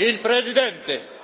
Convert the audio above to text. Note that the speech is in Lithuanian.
il presidente.